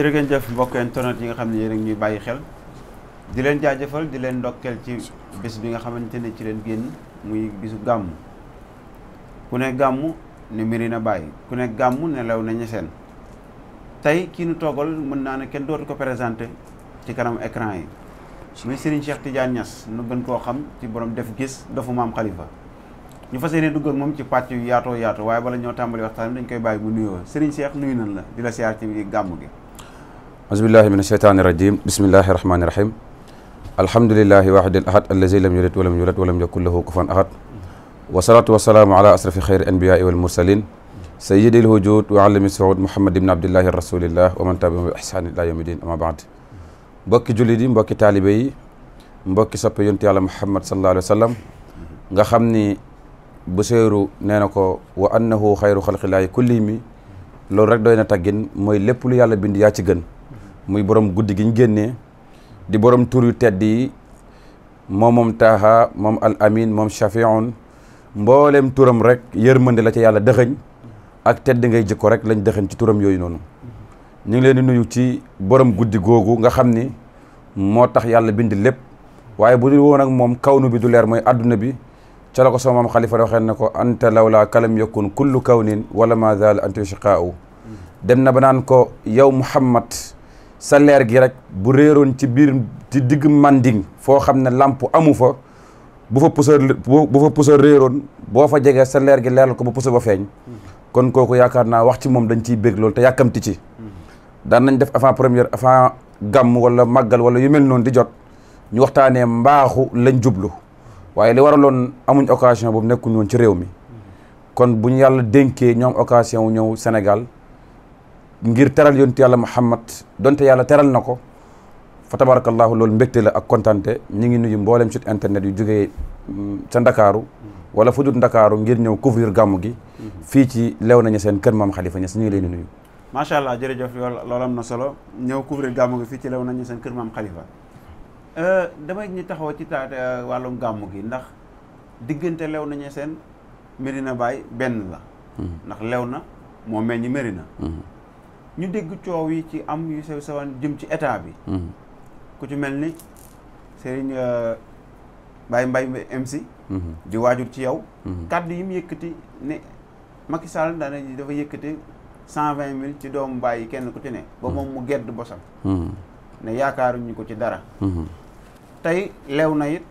jërëgeen jëf mbokk internet yi nga xam ne yéen a ñuy bàyyi xel di leen jaajëfal di leen ndokkeel ci bis bi nga xamante ne ci leen génn muy bisu gàmm ku ne gàmm ne Médina bàyyi ku ne gàmm ne Lew ne Niassène tey kii nu toogal mën naa ne kenn dootu ko présenté ci kanam écran yi muy Serigne Cheikh Tidiane Niass nu gën koo xam ci borom def gis dofu maam Khalifa ñu fas yéene dugg moom ci pàcc yu yaatoo yaatoo waaye bala ñoo tàmbali waxtaan dañ koy bàyyi mu nuyoo Serigne Cheikh nuyu nan la di la siyaar ci gàmm gi أعوذ بالله من الشيطان الرجيم بسم الله الرحمن الرحيم الحمد لله واحد الأحد الذي لم يلد ولم يولد ولم يكن له كفوا أحد والصلاة والسلام على أشرف خير الأنبياء والمرسلين سيد الوجود وعلم السعود محمد بن عبد الله الرسول الله ومن تبعهم بإحسان إلى يوم الدين أما بعد mbokki jullit yi طالبي taalibe yi mbokki على محمد صلى الله عليه وسلم nga xam ni bu séeru nee na ko wa annahu xayru xalqillaahi kulli mi loolu rek doy na taggin mooy lépp lu yàlla bind yaa ci gën muy borom guddi gi ñu génnee di borom tour yu tedd yi moom moom Taaha moom al amin moom Shafiun mboolem turam rek yërmande la ca yàlla dëxëñ ak tedd ngay jikko rek lañ dëxëñ ci turam yooyu noonu ñu ngi leen di nuyu ci borom guddi googu nga xam ni moo tax yàlla bind lépp waaye bu dul woon ak moom kawnu bi du leer mooy adduna bi ca la ko sama maam xalifa waxee na ko anta lawlaa kalam yakun kullu kawnin wala ma zaal anta shiqaa'u dem na ba naan ko yow Muhammad sa leer gi rek bu réeroon ci biir ci digg manding foo xam ne làmp amu fa bu fa pusar bu fa pusar réeroon boo fa jegee sa leer gi leeral ko ba pusar ba feeñ kon kooku yaakaar naa wax ci moom dañ ciy bég loolu te yàkkamti ci daan nañ def avant première avant gàmm wala màggal wala yu noonu di jot ñu waxtaanee mbaaxu lañ jublu waaye li waraloon amuñ occasion boobu nekkuñ woon ci réew mi kon bu ñu yàlla dénkee ñoom occasion wu ñëw Sénégal ngir teral yontu yàlla Muhammad donte yàlla teral na ko fa tabarakallahu loolu mbégte la ak kontante ñu ngi nuyu mboolem site internet yu jógee ca mm, ndakaaru wala fu ndakaaru ngir ñëw couvrir gàmmu gi fii ci lew Léona Niassène kër maam Khalifa Niass ñu ngi leen di nuyu macha allah jërëjëf loolu am na solo ñëw couvrir gàmmu gi fii ci lew Léona Niassène kër maam Khalifa euh, damay ñu taxaw ci taat euh, wàllum gàmmu gi ndax diggante Léona Niassène Medina Baye benn la hmm. ndax Léona moo meññi Medina hmm. ñu dégg coow yi ci am yu sew sewaan jëm ci état bi. Hmm. ku ci mel ni Serigne euh, Baye Mbaye MC. Hmm. di waajur ci yow. Hmm. kàddu yi mu yëkkati ne Macky Sall daana dafa yëkkati cent vingt mille ci doomu Baye yi kenn ku ci ne. ba moom mu gedd bosam. ne yaakaaruñu ko ci dara. tey lew na it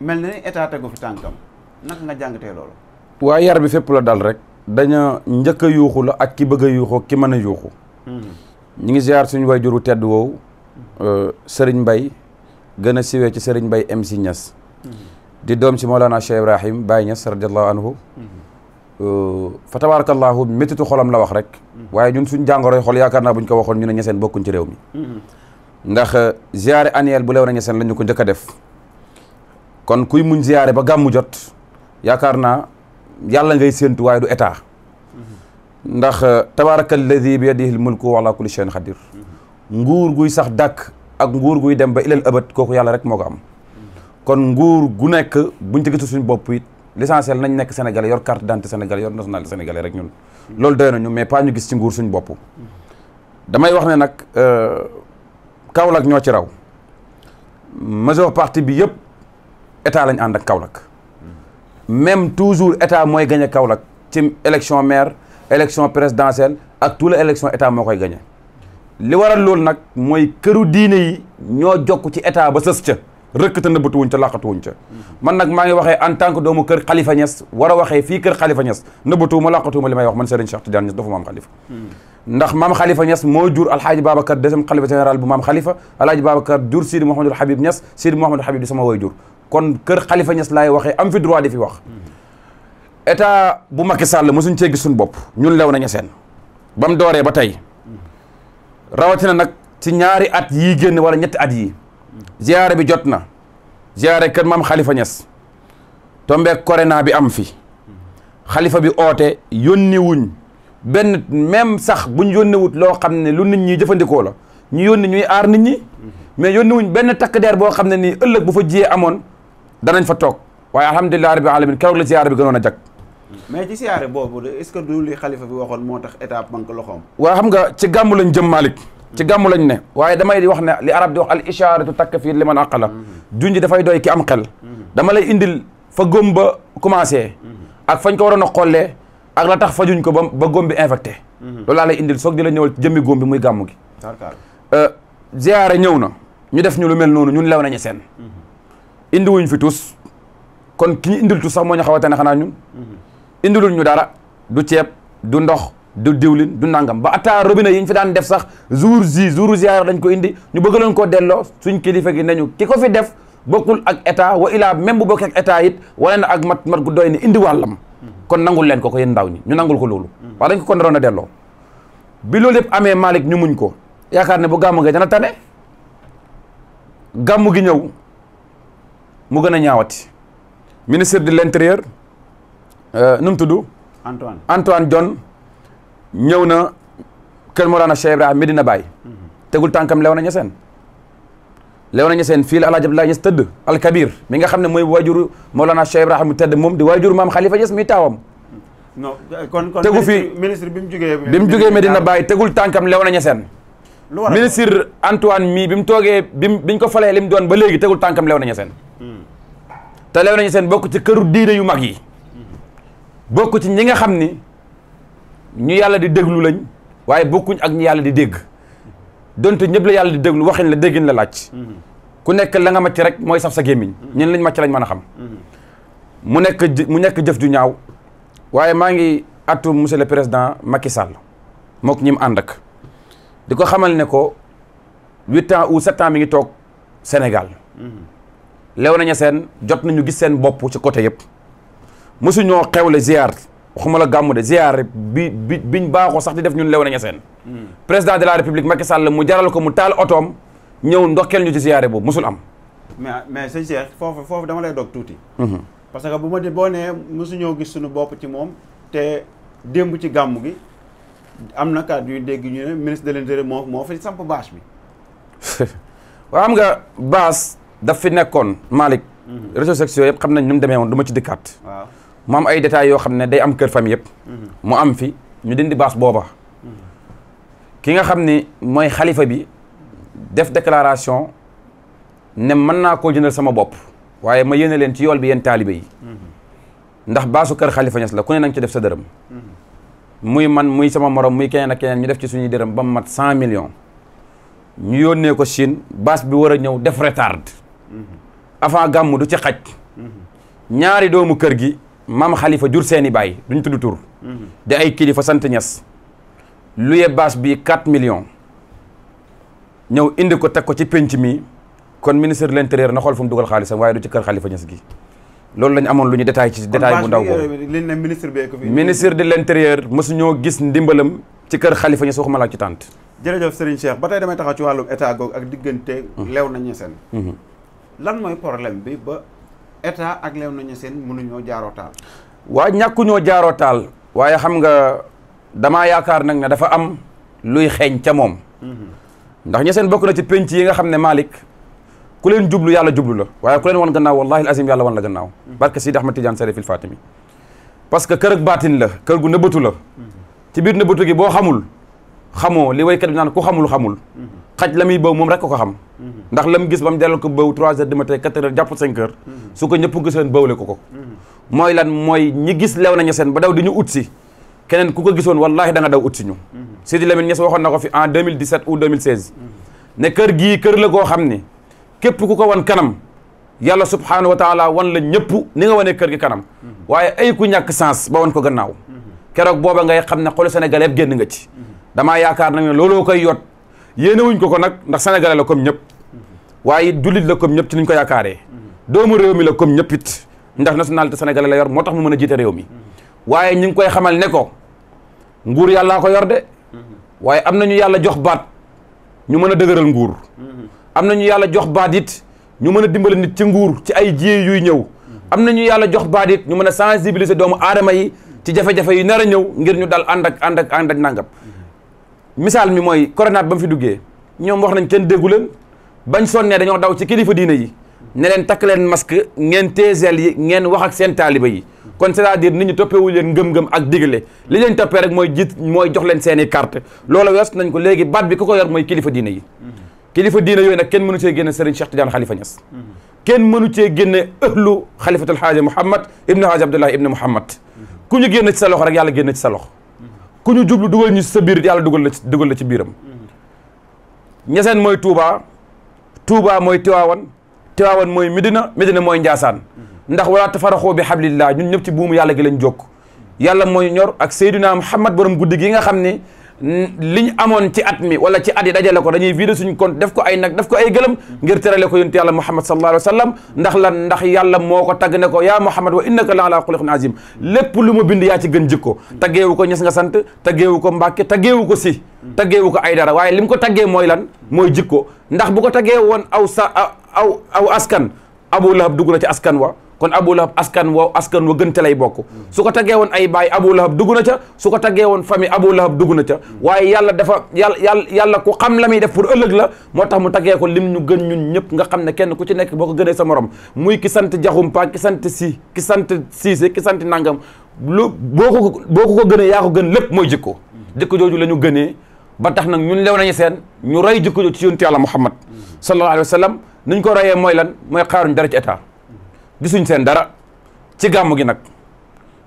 mel na ni état tegu fi tànkam naka nga jàngatee loolu. waaye yar bi fépp la dal rek. daña njëkk a yuuxu la ak ki bëgg a yuuxu ki mën a yuuxu ñi ngi ziar suñu wayjuru tedd wow euh, sëriñ mbay gën a siwee ci sëriñ mbay MC Niass di doom ci Mawlana Cheikh Ibrahim Baye Niass radiallahu anhu euh, fa tabarakallahu méttitu xolam la wax rek waaye ñun suñ jàngoroy xol yaakaar naa bu buñ ko waxoon ñu ne ñeseen bokkuñ ci réew mi ndax euh, ziare annuel bu lew na ñeseen la ñu ko jëkka a def kon kuy muñ ziare ba gàmmu jot yaakaar naa yàlla ngay séentu waaye du état ndax tabaraka alladi bi yadihi almulku wa ala kulli shay'in xadir nguur guy sax dak ak nguur guy dem ba ilal abad koku yàlla rek moko am kon nguur gu nek buñ ci gisul suñu bopp it l'essentiel nañ nek sénégalais yor carte d'identité sénégalais yor national sénégalais rek ñun loolu doyna ñu mais pa ñu gis ci nguur suñu bop damay wax ne nag Kaolack ñoo ci raw major partie bi yëpp état lañ ànd ak Kaolack même toujours état moy gagné Kaolack ci élection maire élection présidentielle ak tous les élections état moo koy gagné li waral loolu nak moy këru diine yi ño jokk ci état ba sës ci rek te neubatu wuñ ci laqatu wuñ ci man nak ma ngi waxé en tant que doomu keur Khalifa ñess wara waxé fi keur khalifa ñess neubatu ma laqatu ma limay wax man Serigne Cheikh Tidiane ñess dafa mam Khalifa ndax mam Khalifa ñess mo jur alhaaji babakar deuxième khalifa général bu mam Khalifa alhaaji babakar jur Sidi mohamed Habib ñess Sidi mohamed Habib di sama way jur kon keur Khalifa ñess lay waxé am fi droit di fi wax état bu Macky Sall mosuñ cee gis suñu bopp ñun lew nañu seen ba mu dooree ba tey rawatina nag si ñaari at yii génn wala ñetti at yii ziyaare bi jot na ziyaare kër maam Khalifa Niass tombeek corona bi am fi Khalifa bi oote yónni wuñ benn même sax buñ yónni wut loo xam ne lu nit ñi jëfandikoo la ñu yónni ñuy aar nit ñi mais yónni wuñ benn takk der boo xam ne ni ëllëg bu fa jiyee amoon danañ fa toog waaye alhamdulilah rabbi alamin keroog la ziyaare bi gënoon a jag mais ci siyaare boobu est ce que du li xalifa bi waxoon moo tax état banque loxoom. waa xam nga ci gàmmu lañ jëm Malick. ci gàmmu lañ ne. waaye damay di wax ne li arab di wax al ishaaratu takfi liman aqala. Mhm. junj dafay doy ki am xel. Mhm. dama lay indil fa góom ba commencé. Mhm. ak fañ ko waroon a xoole ak la tax fajuñ ko ba ba góom bi infecté. loolu laa lay indil soog di la ñëwal jëmmi góom bi muy gàmmu gi. Euh, ziyaare ñëw na ñu def ñu lu mel noonu ñun lew nañu seen. indiwuñ fi tus kon ki ñu indil tus sax moo ñu xaw a xanaa ñun. indilul ñu dara du ciep du ndox du diwlin du nangam ba atta robinet yiñ fi daan def sax jour ji jour ziar lañ ko indi ñu bëgg lañ ko dello suñ kilifa gi nañu kiko fi def bokul ak état wa ila même bu bokk ak état yit wane na ak mat mat gu doyni indi walam kon nangul leen ko ko yeen ndaw ñi ñu nangul ko lolu wa dañ ko ko naroon dello malik bi lolu yëpp amé malik ñu muñ ko yaakar ne bu gamu dana tane gamu gi ñew mu gëna ñaawati ministre de l'intérieur Euh, nu mu tudd. Antoine Antoine John ñëw na Kër Mawlana Cheikh Ibrahima Medina Baye. Mhm. tegul tànkam Léona Niassène. Léona Niassène fii la El Hadj Abdoulaye Niass tëdd Al Kabir mi nga xam ne mooy waajuru Mawlana Cheikh mu tëdd moom di waajuru maam Khalifa Niass mi taawam. non euh, kon kon tegu fi ministre bi mu jugee. bi mu jugee Medina Baye tegul tànkam Léona Niassène. ministre Antoine mii bi mu toogee bi mu bi ko falee li mu ba léegi tegul tànkam Léona Niassène. Hmm. te Léona Niassène bokk ci këru diine yu mag yi. bokk ci ñi nga xam ni ñu yàlla di déglu lañ waaye bokkuñ ak ñu yàlla di dégg donte ñëpp la yàlla di déglu waxin la déggin la laaj ku nekk la nga màcc rek mooy saf sa gémmiñ ñen lañ màcc lañ mën a xam mu nekk mu nekk jëf ju ñaaw waaye maa ngi atu monsieur le président Macky Sall mook ñi mu ànd ak di ko xamal ne ko huit ans ou sept ans mi ngi toog Sénégal mm-hmm. lew nañu seen jot nañu gis seen bopp ci côté yëpp mosu ñoo xewle ziar waxuma la gàmmu de ziar bi bi biñ baaxoo sax di def ñun lew nañu seen. président de la république Macky Sall mu jaral ko mu taal otoom ñëw ndokkeel ñu ci ziar boobu mosul am. mais mais sëñ Cheikh foofu foofu dama lay dog tuuti. Mhm. parce que bu ma di boo nee mosu ñoo gis suñu bopp ci moom te démb ci gàmmu gi am na kàddu yu dégg ñu ne ministre de l'intérieur moo moo fi samp bâche bi. waaw xam nga bâche daf fi nekkoon Malick. Mhm. réseaux sociaux yëpp xam nañ ñu mu demee woon du ma ci dikkaat. waaw. mu am ay detaay yo xamne day am keur fam yeb mu am fi ñu dindi bass boba ki nga xam moy khalifa bi def déclaration ne man na ko jëndal sama bop waye ma yene len ci yol bi yéen taalibe yi ndax bassu keur khalifa ñass la ku ne nang ci def sa deureum muy man muy sama morom muy keneen ak keneen ñu def ci suñu deureum ba mat 100 millions ñu yónnee ko Chine bass bi wara ñëw def retard avant gamu du ci xaj ñaari doomu keur gi Mam khalifa jur seni bay duñ tudd -hmm. de ay kilifa sant ñas luye baas bi 4 millions ñew indi ko tek ko ci pench mi kon ministre de l'intérieur na xol fu mu dugal waye du ci kër khalifa ñas gi loolu lañ amon luñu ñu détail ci détail bu ndaw ko ministre de l'intérieur mësu ñoo gis ndimbalam ci kër khalifa ñas waxuma la ci tànt jërëjëf Serigne Cheikh batay damay taxaw ci walu état gog ak mhm. lew nañu seen mhm. lan moy problème bi ba eta ak Léona Niassène mënuñoo jaaroo jarotal wa ñàkkuñoo jaaroo taal waye xam nga dama yaakar nak ne dafa am luy xeeñ ca mom mhm. ndax sen bokku na ci penc yi nga xamne malik ku leen jublu yalla jublu la waye ku leen won gannaaw wallahi azim yalla won la gannaaw. Mhm. barke Sidi Ahmad Tidiane Sarifil Fatimi parce que kër ak batine la kër gu nebeutu la. Mhm. ci bir nebeutu gi bo xamul. xamo li way bi nan ku xamul xamul xaj lamuy muy mom rek ko ko xam ndax lam gis bam mu ko bëw 3h du matin 4h japp 5h su ko ñëpp giseen bawle ko mooy lan mooy ñi gis lew nañu seen ba daw di ñu ut si keneen ku ko gisoon wallaahi da nga daw ut si ñu Sidi Lamine Niass waxoon na ko fi en ne kër gii kër la goo xam ni képp ku ko wan kanam yàlla subhaanahu wa taala wan la ñëpp ni nga wanee kër gi kanam waaye ay ku ñàkk sens ba wan ko gannaaw keroog booba ngay xam ne xolu sénégalais geen génn nga ci damaa yaakaar nag ne looloo koy yot yéene wuñ ko ko nag ndax sénégalais la comme ñëpp waaye jullit la comme ñëpp ci niñ ko yaakaaree doomu réew mi la comme ñëpp it ndax nationalité sénégalais la yor moo tax mu mën a jiite réew mi waaye ñu ngi koy xamal ne ko nguur yàllaa ko yor de waaye am nañu yàlla jox baat ñu mën a dëgëral nguur am nañu yàlla jox baat it ñu mën a dimbale nit ci nguur ci ay jiyee yuy ñëw am nañu yàlla jox baat it ñu mën a sensibiliser doomu aadama yi ci jafe-jafe yi nar a ñëw ngir ñu dal ànd ak ànd ak ànd ak nàngam misaal mi mooy corona ba mu fi duggee ñoom wax nañ kenn déggu leen bañ sonnee dañoo daw ci kilifa diina yi نلن تكلن ماسك نين تيزل نين واخك سين طالب يي كون سي دير نيت توبي وول لين گم گم اك ديغلي لي لين توبي رك موي جيت موي جوخ لين سيني كارت لولا ويس نانكو ليغي بات بي كوكو يور موي كليفه دين يي كليفه دين يوي نك كين منوتي ген سيرن شيخ تيان خليفه نياس كين منوتي ген اهلو خليفه الحاج محمد ابن حاج عبد الله ابن محمد كوني ген سي لوخ رك يالا ген سي لوخ كوني جوبلو دوغل ني سي بير يالا دوغل لا دوغل لا سي بيرم نيا سين موي توبا توبا موي تواون Tiwaawan mooy Medina Medina mooy Njaasaan ndax walaa tafaraxoo bi hablillah ñun ñëpp ci buumu yàlla gi lañ jokk yàlla mooy ñor ak Seydina Muhammad borom guddi gi nga xam ni li ñu amoon ci at mi wala ci at yi dajale ko dañuy vider suñu compte def ko ay nag def ko ay gëlëm ngir terale ko yonent yàlla Muhammad sallallahu alayhi wa sallam ndax lan ndax yàlla moo ko tagg ne ko ya Muhammad wa innaka la ala xuluqin azim lépp lu mu bind yaa ci gën jikko taggeewu ko ñes nga sant taggeewu ko Mbàkke taggeewu ko si taggeewu ko ay dara waaye li mu ko taggee mooy lan mooy jikko ndax bu ko taggee woon aw sa aw aw askan Abu Lahab dugg na ci askan wa kon Abu Lahab askan wa askan wa gënte lay bokk su ko taggee woon ay baay Abu Lahab dugg na ca su ko taggee woon famille Abu Lahab dugg na ca waaye yàlla dafa yàlla yàlla yàlla ku xam la muy def pour ëllëg la moo tax mu taggee ko lim ñu gën ñun ñëpp nga xam ne kenn ku ci nekk boo ko gënee sa morom muy ki sant Jaxumpa ki sant Si ki sant Siise ki sant Nangam lu boo ko boo ko ko gënee yaa ko gën lépp mooy jikko jikko jooju la ñu gënee ba tax nag ñun lew nañu seen ñu roy jikko jooju ci yonent Yàlla Muhammad sallallahu alayhi wa sallam niñ ko royee mooy lan mooy xaaruñ dara ci état gisuñ seen dara ci gàmm gi nag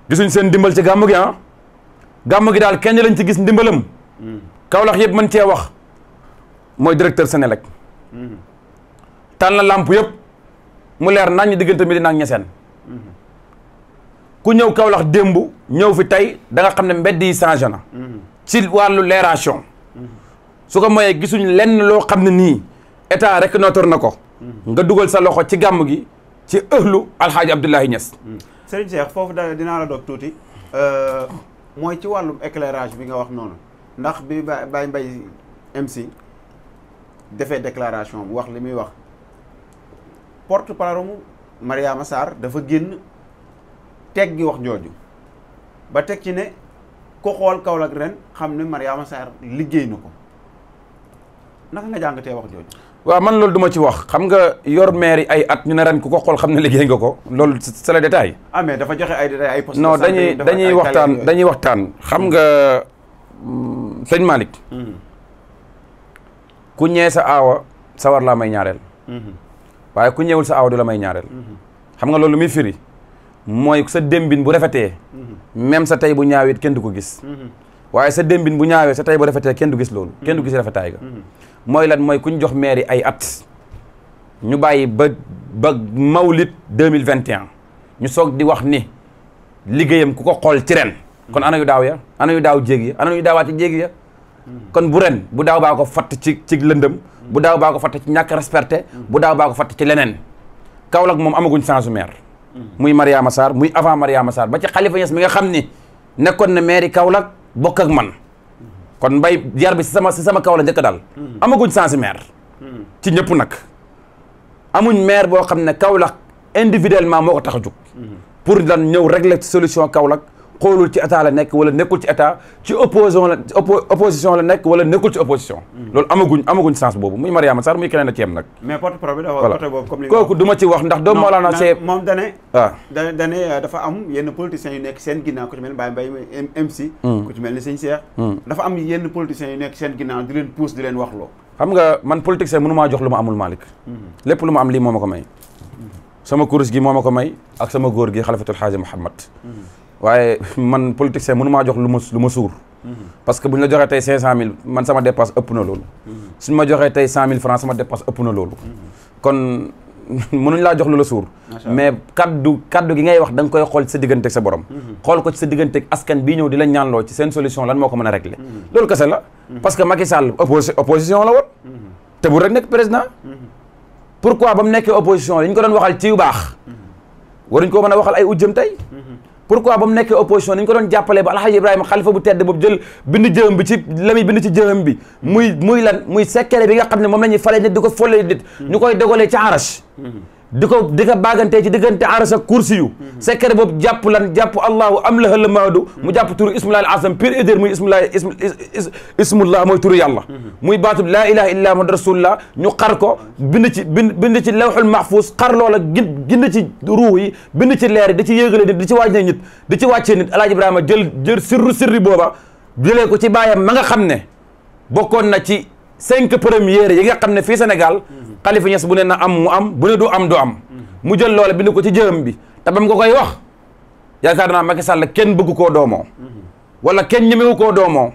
gisuñ seen ndimbal ci gàmm gi ah gàmm gi daal kenn lañ ci gis ndimbalam Kaolack yëpp mën cee wax mooy directeur Senelec tànn na làmp yëpp mu leer nañ ñu diggante Médina ak Niassène ku ñëw Kaolack démb ñëw fi tey danga xam ne mbedd yi changé na ci wàllu leeration su ko moyee gisuñ lenn loo xam ne nii état rek noter na ko nga dugal sa loxo ci gàmm gi ci ëhlu alxaaji Abdoulaye Niass. sëriñ Cheikh foofu daal dinaa la dog tuuti mooy ci wàllum éclairage bi nga wax noonu ndax bi Baye Mbaye MC defee déclaration bu wax li muy wax porte parole mu Mariama Sarr dafa génn teg gi wax jooju ba teg ci ne ku xool Kaolack ren xam ne Mariama Sarr liggéey na ko naka nga jàngatee wax jooju. waaw man loolu duma ma ci wax xam nga yor maire yi ay at ñu ne ren ku ko xool xam ne liggéey nga ko loolu c'est le détail. ah dafa joxe ay détail ay postes non dañuy dañuy waxtaan dañuy waxtaan xam nga mm, sëñ Malick. Hmm. ku ñee sa aawa sawar laa may ñaareel. Hmm. waaye ku ñëwul sa aawa du la may ñaareel. Hmm. xam nga loolu muy firi mooy sa dembin bu rafetee. même sa tey bu ñaawit kenn du ko gis. waaye sa dembin bu ñaawee sa tey bu rafetee kenn du gis loolu. kenn du gis rafetaay ga. mooy lan mooy ku ñu jox mairie ay at ñu bàyyi ba ba mawlit deux mille vingt et un ñu soog di wax ni liggéeyam ku ko xool ci ren. kon ana yu daaw ya ana yu daaw jéeg ya ana yu daawaati jéeg ya. kon bu ren bu daaw baa ko fatt ci ci lëndëm. bu daaw baa ko fatt ci ñàkk respecté. bu daaw baa ko fatt ci leneen. Kaolack moom amaguñ change maire. muy Mariama Sarr muy avant Mariama Sarr ba ci Khalifa Niass mi nga xam ni nekkoon na maire Kaolack bokk ak man. kon mbay yar bi si sama si sama kaw la njëkk daal. Hmm. amaguñ sens maire. Hmm. ci ñëpp nag. amuñ maire boo xam ne Kaolack individuellement moo ko tax a jóg. Hmm. pour lan ñëw régler solution Kaolack. xoolul ci état la nekk wala nekkul ci état ci opposition la opposition la nekk wala nekkul ci opposition. loolu amaguñ amaguñ sens boobu muy Mariama Sarr muy keneen a ci yem nag. mais porte parole bi dafa côté boobu comme li kooku du ma ci wax ndax doomu Mawlana c'est moom dane waaw dane dane dafa am yenn politiciens yu nekk seen ginnaaw ku ci mel ni Baye Mbaye MC. ku ci mel ni Sëñ Cheikh. dafa am yenn politiciens yu nekk seen ginnaaw di leen pousse di leen wax loo. xam nga man politicien mënu maa jox lu ma amul Malick. lépp lu ma am lii moo ma ko may. sama kuréel gi moo ma ko may ak sama góor gi xalifatul xaaji Muhammad waaye man politicien mënu maa jox lu ma lu ma suur. parce que bu ñu la joxee tey mille man sama dépense ëpp na loolu. suñu ma joxee tey 100000 francs sama dépense ëpp na loolu. kon mënuñ laa jox lu la suur. mais kaddu kaddu gi ngay wax da nga koy xool ci diggante sa borom. Mhm. xool ko ci sa diggante ak askan bii ñëw di la ñaanloo ci seen solution lan moo ko mën a régler. Mhm. loolu kese la. Mhm. parce que Macky Sall opposition la woon. te bu rek nekk président. pourquoi ba mu nekkee opposition li ñu ko doon waxal ci yu baax. waruñ ko mën a waxal ay ujjëm tey. pourquoi ba mu nekkee opposition ni ñu ko doon jàppalee ba alxaji ibrahima xalifa bu tedd boobu jël bind jëëm bi ci la muy ci jëëm bi muy muy lan muy sekkere bi nga xam ne moom la ñuy falee nit di ko follee nit ñu koy dogalee ci arash mm-hmm. di ko di ko baagantee ci diggante aras ak kursi yu secret boobu jàpp lan jàpp allahu am la hal maadu mu jàpp turu ismullah al azam pire udeur muy ismullah ismullah mooy turu yàlla muy baatub laa ilaha illa muhammad rasulullah ñu xar ko bind ci bind bind ci lawxul mahfuz xar loola gin gind ci ruux yi bind ci leer yi ci yéegale nit di ci wàññee nit di ci wàccee nit alaaji ibrahima jël jël sirru sirri booba jëlee ko ci bàyyam manga nga xam ne bokkoon na ci cinq premières yi nga xam ne fii Sénégal kalifa Niass bu ne na am mu am bu ne du am du am mu jël loola bind ko ci jërëm bi te bam ko koy wax yaakaar naa Macky sàll kenn bëgg koo doomoo wala kenn ñemewu koo doomoo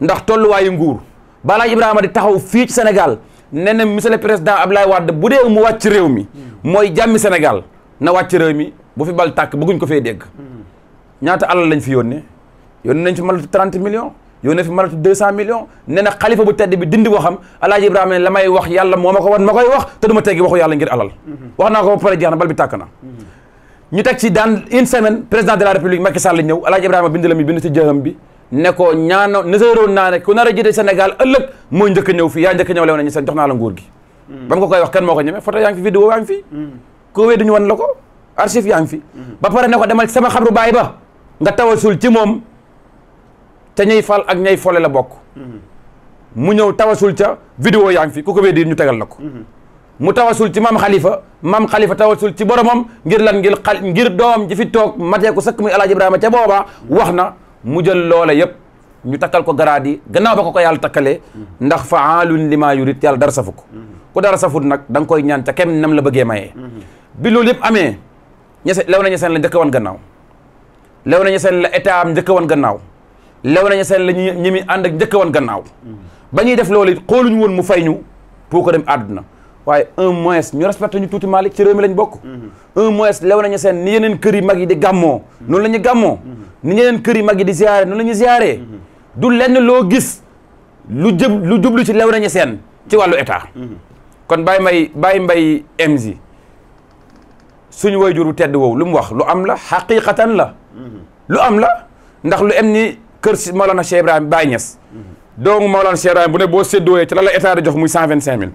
ndax tolluwaayu nguur balaa Ibrahima di taxaw fii ci Sénégal ne na monsieur le président Abdoulaye bu dee mu wàcc réew mi mooy jàmmi Sénégal na wàcc réew mi bu fi bal tàkk bëgguñ ko fee dégg ñaata alal lañ fi yónnee yónnee nañ fi mal trent millions يوني في مرة 200 مليون نينا خليفة بو تيد بي ديندي وخم الله ابراهيم لاماي واخ يالا موماكو وات ماكاي واخ تدوما تيغي واخو يالا غير علال واخنا كو بري جانا بال بي تاكنا ني تك سي دان ان سيمين بريزيدنت دي لا ريبوبليك ماكي سال نيو الله ابراهيم بيند لامي بيند سي جهام بي نكو نيانا نزيرو نانا كو نارا جيتي سنغال الك مو نديك نيو في يا نديك نيو لو ناني سن دخنا لا نغور غي بام كو كاي واخ كان في فيديو وانغ في كو ويدو ني وان ارشيف يانغ في با بار دمال سما خبرو بايبا نغا تاوال ca ñay fal ak ñay fole la bokk mu ñëw tawasul ca vidéo yaa ngi fi ku ko weddi ñu tegal na ko mu tawasul ci maam xalifa maam xalifa tawasul ci boromam ngir lan ngir xal ji fi toog matee ko sëkk muy alaaji ibrahima ca booba wax na mu jël loole yëpp ñu takkal ko garaad yi gannaaw ba ko ko yàlla takkalee ndax fa faalun lima yurid yàlla dara safu ko ku dara safut nag da koy ñaan ca kem nam la bëggee mayee bi loolu yëpp amee ñese lew na ñeseen la njëkk wan gannaaw lew na njëkk wan gannaaw lew nañu seen la ñu ñi mi ànd ak njëkk wan gannaaw ba ñuy def loolu it xooluñu woon mu fay ñu pour ko dem àdduna waaye un mois ñu respecté ñu tuuti Malick ci réew mi lañ bokk mm-hmm. un mois lew nañu seen ni yeneen kër yi mag yi di gàmmoo mm-hmm. noonu la ñu gàmmoo mm-hmm. ni yeneen kër yi mag yi di ziare noonu la ñu ziare du lenn loo gis lu jub lu jublu ci lew nañu seen ci wàllu état kon Baye Mbaye Baye Mbaye Emzy suñu wayjur bu tedd woowu lu mu wax lu am la xaqiqatan la lu am la ndax lu em kër si Maolana Cheikh Ibrahima Baye Niass doomu Maolana Cheikh Ibrahima bu ne boo séddooyee ci la la état di jox muy cent vingt mille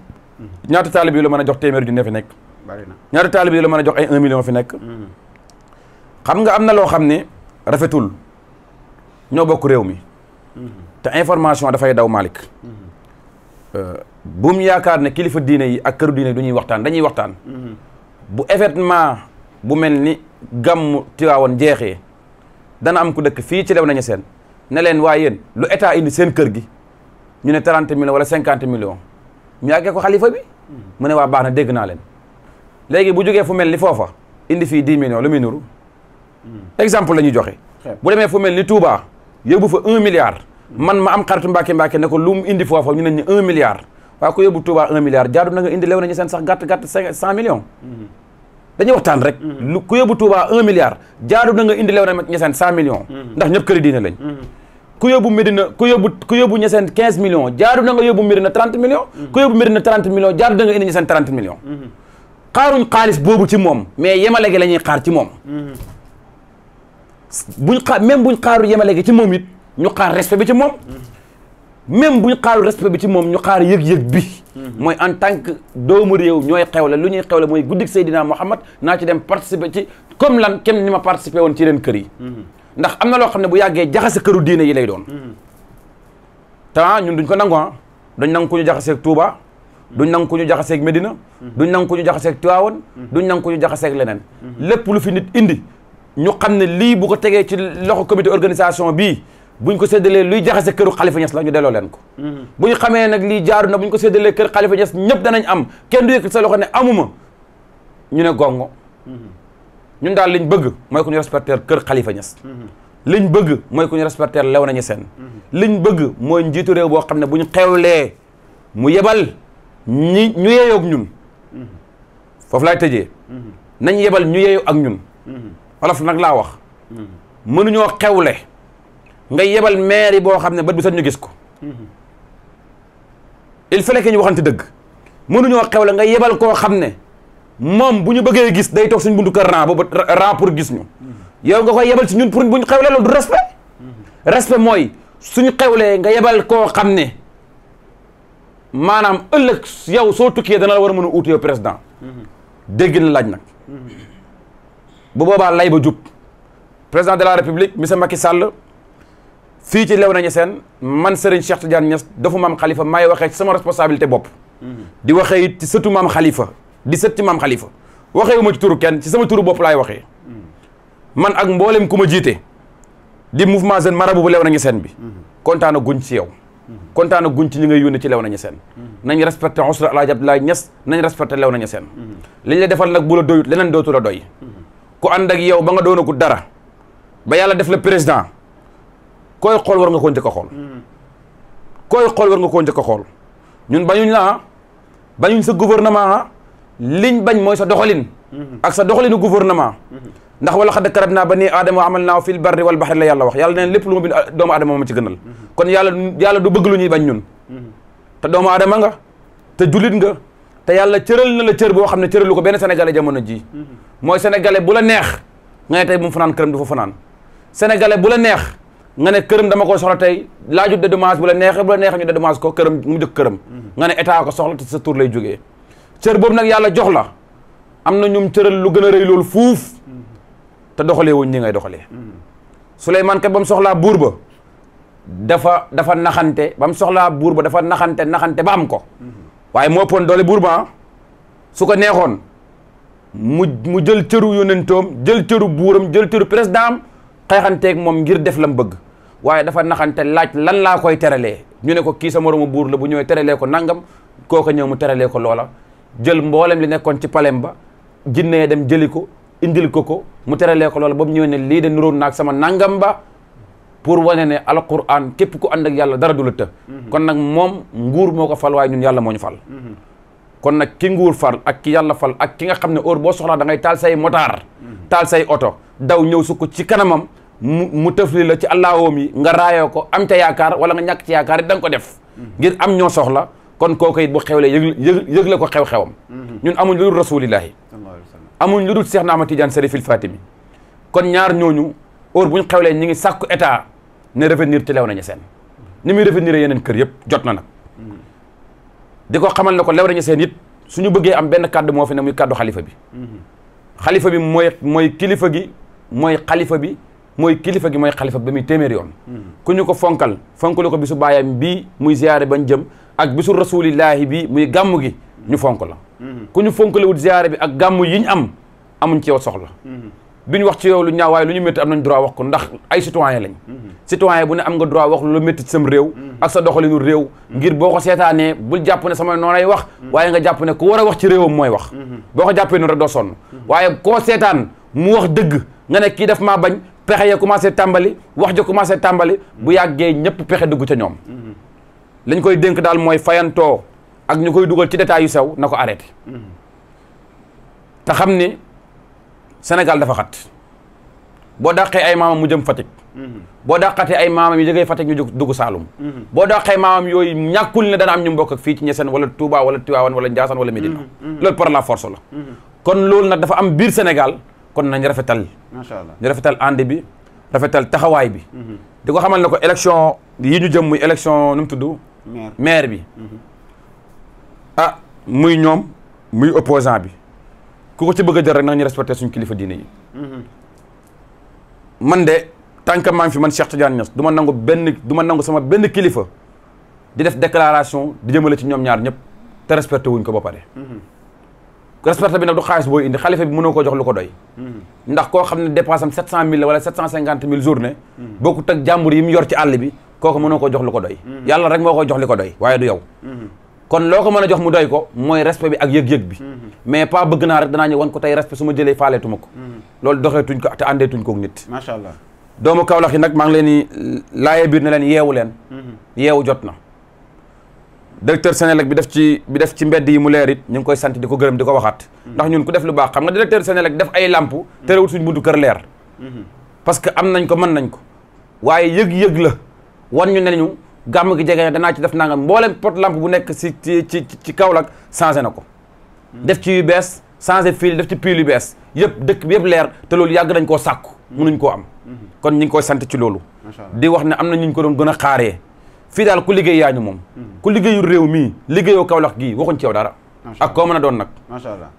ñaata taalib yi la mën a jox téeméer ju ne fi nekk ñaata taalib yi la mën a jox ay un xam nga am na loo xam ne rafetul ñoo bokk réew mi te information dafay daw malik bu yaakaar ne kilifa diine yi ak kër diine yi du ñuy waxtaan dañuy waxtaan bu événement bu mel ni gàmmu Tiwaawan jeexee dana am ku dëkk fii ci Léona Niassène ne leen waa lu état indi seen kër gi ñu ne 30 millions wala 50 million ñu yàggee ko xalifa bi mu ne waa baax na dégg naa leen léegi bu jógee fu mel ni foofa indi fii 10 millions lu mi nuru exemple la ñuy joxe bu demee fu mel ni Touba yóbbu fa un milliard man ma am xaritu Mbàkke Mbàkke ne ko lu mu indi foofa ñu ne ñu un milliard waa ko yóbbu Touba un milliard jaadu na indi lew nañu seen sax gat gàtt cinq cent millions mm-hmm. dañuy waxtaan rek. Mm-hmm. lu ku yóbbu Touba un milliard jaadu na nga indi lew na ak ñeseen cent millions. Mm-hmm. ndax ñëpp këri diine lañ. Mm-hmm. ku yóbbu Medina ku yóbbu ku yóbbu ñeseen quinze millions jaadu na nga yóbbu Medina trente millions. ku yóbbu Medina trente millions jaadu na nga indi ñeseen trente millions. xaaruñ xaalis boobu ci moom mais yemale gi la ñuy xaar ci moom. buñ xaar même buñ xaaru yemale gi ci moom it ñu xaar respect bi ci moom. même bu ñu xaarul respect bi ci moom ñu xaar yëg-yëg bi. Mhm. mooy en tant que doomu réew ñooy xewle lu ñuy xewle mooy guddik Seydina Muhammad naa ci dem participer ci comme lan kenn ni ma participer woon ci leen kër yi. Mhm. ndax am na loo xam ne bu yàggee jaxase këru diina yi lay doon. Mhm. te ah ñun duñ ko nangu ah duñ nangu ko ñu jaxaseeg Touba. duñ nangu ku ñu jaxaseeg Medina. duñ nangu ku ñu jaxaseeg Tiwaawan. duñ nangu ko ñu jaxaseeg leneen. lépp lu fi nit indi ñu xam ne lii bu ko tegee ci loxo comité organisation bii. buñ ko séddalee luy jaxase këru xalifa la ñu delloo leen ko bu ñu xamee nag lii jaaru na bu ñu ko séddalee kër xalifa ñëpp danañ am kenn du yëkkat sa loxo ne amuma ñu ne gongo ñun daal liñ bëgg mooy ku ñu respecter kër xalifa ñes liñ bëgg mooy ku ñu respecter lew nañu seen liñ bëgg mooy njiitu réew boo xam ne bu ñu xewlee mu yebal ñi ñu yeeyoo ñun foofu laa tëjee nañ yebal ñu yeeyoo ak ñun wolof nag laa wax mënuñoo xewle nga yebal maire yi boo xam ne bët ñu gis ko il fallait que ñu waxante dëgg mënuñoo xew la nga yebal koo xam ne moom bëggee gis day toog suñ buntu kër ran boobu pour gis ñu yow nga koy yebal ci ñun pour buñ xewlee loolu respect respect mooy suñu xewlee nga yebal koo xam ne maanaam yow soo tukkee dana la war a mën président dégg na laaj nag bu boobaa lay ba jub président de la république monsieur Macky Sall si ci Léona Niassène man Serigne Cheikh Tidiane Niass dafa maam kalifa maay waxee ci sama responsabilité bopp mhm. di waxee it ci sëtu maam xalifa di sët ci maam xalifa waxee wu ma ci turu kenn ci sama turu bopp laay waxe mhm. man ak mboolem ku ma jiite di mouvement jeune marabout bu Léona Niassène bi mhm. kontaan na guñ ci yow kontaan na guñ ci li ngay yónnee ci Léona Niassène nañ respecté Ousra El Hadj Abdoulaye Niass nañ respecté Léona Niassène liñ la defal nag bu la doyut leneen dootu la doy ku yow ba nga doonagut dara yàlla def la président koy xool war nga koo njëkk a xool. Mm-hmm. koy xool war nga koo njëkk a xool ñun bañuñ la ah bañuñ sa gouvernement ah liñ bañ mooy sa doxalin. Mm-hmm. ak sa doxalinu gouvernement. Mm-hmm. ndax wala xad karab naa ba ni aadama wa amal naa fil barri wal baxri la yàlla wax yàlla neen lépp lu ma bind doomu aadama ma ci gënal. kon yàlla du bëgg lu ñu bañ ñun. te doomu aadama nga te julit nga te yàlla cëral na la cër boo xam ne cëralu ko benn sénégalais jamono ji mooy sénégalais bu la neex nga tey bu fanaan këram du fa fanaan sénégalais bu la neex nga ne këram dama ko soxla tey laaju dédommage bu la neexee bu la neexee ñu dédommage ko këram mu jëkk këram nga ne état ko soxla te sa tur lay jóge cër boobu nag yàlla jox la am na ñum cëral lu gën a rëy loolu fuuf te doxalee wuñ ñi ngay doxalee Souleymane kat ba mu soxlaa buur ba dafa dafa naxante bam mu soxlaa buur ba dafa naxante naxante ba am ko waaye moo ëppoon doole buur ba ah. su ko neexoon mu mu jël cëru yónentoom jël cëru buuram jël cëru président xeexanteeg moom ngir def la mu bëgg waaye dafa naxante laaj lan laa koy teralee ñu ne ko kii sa moromu buur la bu ñëwee teralee ko nangam kooka ñëw mu teralee ko loola jël mboolem li nekkoon ci palem ba jinnee dem jëli ko indil ko ko mu teralee ko loola boobu mu ñëwee ne lii de nuróon naag sama nangam ba pour wane ne alquran képp ku ànd ak yàlla dara du la mm-hmm. kon nag moom nguur moo ko fal waaye ñun yàlla moo ñu fal mm-hmm. kon nag ki nguur fal ak ki yàlla ak ki nga xam ne heure boo soxlaa da ngay taal say motaar taal say oto daw ñëw sukk ci kanamam mu mu tëfli la ci allahawam yi nga raayoo ko am ca yaakaar wala nga ñàkk ci yaakaar it dang ko def ngir am ñoo soxla kon kooku it bu xewlee yëg yëg la ko xew-xewam ñun amuñ lu dul rasulillahi amuñ lu dul Seex Naama Tijaan Sarifil Fatimi kon ñaar ñooñu heure buñ xewlee ñi ngi sàkku état ne revenir ci lew nañu seen ni muy revenir yeneen kër yëpp jot na nag diko xamal nako ko lew nañu seen nit suñu bëgge am ben kàddu mo fi ne muy kàddu khalifa bi khalifa bi moy moy kilifa gi moy khalifa bi moy kilifa gi moy khalifa bi ba muy téeméer yoon ku ñu ko fonkal fonkul ko bisu bayam bi muy ziaré bañ jëm ak bisu rasulillah bi muy gamu gi ñu fonkul la ku ñu fonkalewut ziyaare bi ak gamu yiñ am amuñ ci yow soxla ñu wax ci yow lu ñaaw lu ñu métti am nañ droit wax ko ndax ay citoyen lañ citoyen bu ne am nga droit wax lu métti ci sam réew ak sa doxalinu réew ngir boo ko seetaanee bul jàpp ne sama noonay wax waaye nga jàpp ne ku war a wax ci réewam mooy wax boo ko jàppee noonu rek doo sonn waaye koo seetaan mu wax dëgg nga ne kii daf maa bañ pexe ya commencé tàmbali wax ja commencé tàmbali bu yàggee ñëpp pexe dugg ca ñoom lañ koy dénk daal mooy fayantoo ak ñu koy dugal ci détails yu sew na ko arrêté Sénégal dafa xat boo dàqee ay maamam mu jëm Fatick. Mm-hmm. boo dàqatee ay maamam yi jógee Fatick ñu jóg dugg Saalum. Mm-hmm. boo dàqee maamam yooyu ñàkkul ne dana am ñu mbokk ak fii ci Niassène wala Touba wala Tivaouane wala Ndiassane wala Médina. Mm-hmm. loolu par la force la. kon loolu nag dafa am biir Sénégal kon nañ rafetal. macha allah ñu rafetal ànd bi rafetal taxawaay bi. di ko xamal ne ko élection yi ñu jëm muy élection nu tuddu tudd. maire bi. ah muy ñoom muy opposant bi. ku ko ci bëgg a jël rek na ñu respecté suñu kilifa diine yi. man de tant que maa fi man Cheikh Tidiane Niass du nangu benn du ma nangu sama benn kilifa di def déclaration di jëmale ci ñoom ñaar ñëpp te respecté wuñ ko ba pare. Mm-hmm. respecté bi nag du xaalis booy indi xalifa bi mënoo ko jox lu ko doy. Mm-hmm. ndax koo xam ne dépense am 700000 la wala 750000 journée. Mm-hmm. bokkut ak jàmbur yi mu yor ci àll bi kooku mënoo ko jox lu ko doy. yàlla rek moo ko doy waaye kon loo ko mën a jox mu doy ko mooy respect bi ak yëg-yëg bi mhm. mais pas bëgg naa rek danaa ñëw wan ko tey respect su ma jëlee faaleetuma ko mhm. loolu doxeetuñ ko te àndeetuñ kook nit macha allah doomu Kaolack yi nag maa ngi leen di laajee biir ne leen yeewu leen mhm. yeewu jot na directeur Sénélec bi def ci bi def ci mbedd yi mu leer it ñu ngi koy sant di ko gërëm di ko waxaat ndax ñun ku def lu baax xam nga directeur Sénélec def ay làmp terewul suñ buntu kër leer parce que am nañ ko mën nañ ko waaye yëg-yëg la wan ñu ne ñu gàmm gi jege danaa ci def nangam mbooleem pot lampe bu nekk si ci ci ci Kaolack changé na ko. Hmm. def ci yu bees changé fii def ci pile yu bees yëpp dëkk bi yëpp leer te loolu yàgg nañ koo sàkku. mënuñ hmm. ko am. Hmm. kon ñu ngi koy sant ci loolu. di wax ne am na ñu ñu ko doon gën a xaaree. fii daal ku liggéey yaa ñu moom. ku liggéeyul réew mii liggéeyoo Kaolack gii waxuñ ci yow dara. ak koo mën a doon nag. macha allah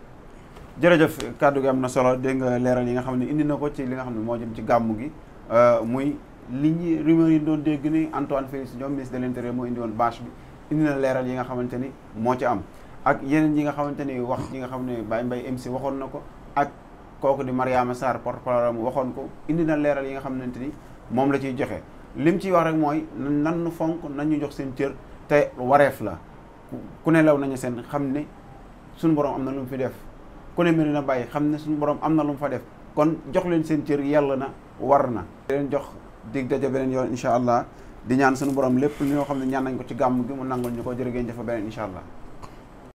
jërëjëf kàddu gi am na solo dégg nga leeral yi nga xam ne indi na ko ci li nga xam ne moo jëm ci gàmm gi euh, muy li ñuy rumeur yi doon dégg ni Antoine Félix Diome ministre de l'intérieur moo indi woon bâche bi indi na leeral yi nga xamante ni moo ci am ak yeneen yi nga xamante ni wax yi nga xam ne Baye mbay MC waxoon na ko ak kooku di Mariama Sarr porte-parole waxoon ko indi leeral yi nga xamante ni moom la ciy joxe lim ciy wax rek mooy nan nu fonk nan ñu jox seen cër te wareef la ku ne law nañu seen xam ne suñu borom am na lu mu fi def ku ne mel na xam ne suñu borom am na lu fa def kon jox leen seen cër yàlla na war na leen jox dig daje beneen yoon incha allah di ñaan suñu borom lépp li ñoo xam ne ñaan nañ ko ci gàmm gi mu nangul ñu ko jërëgéen jëfa beneen incha allah